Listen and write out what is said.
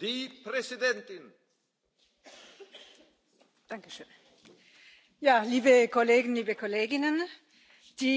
die präsidentin! liebe kollegen liebe kolleginnen!